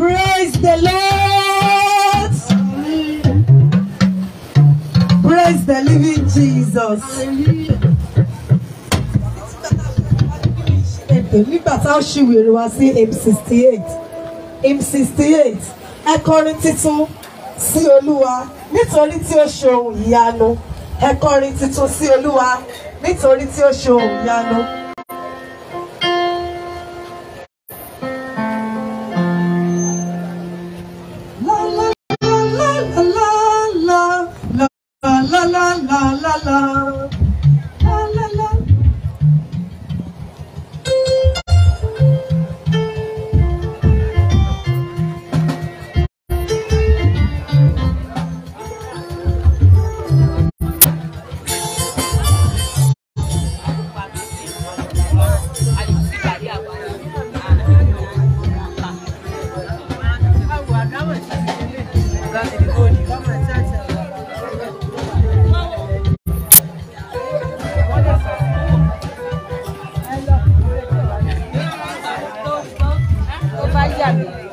Praise the Lord. Praise the living Jesus. Nígbà tá a ṣì wèrè wá sí hymn sixty eight hymn sixty eight ẹ kọrin sí Olúwa nítorí tí ó ṣe ohun ìyanu ẹ kọrin sí Olúwa nítorí tí ó ṣe ohun ìyanu. la la la. ยัน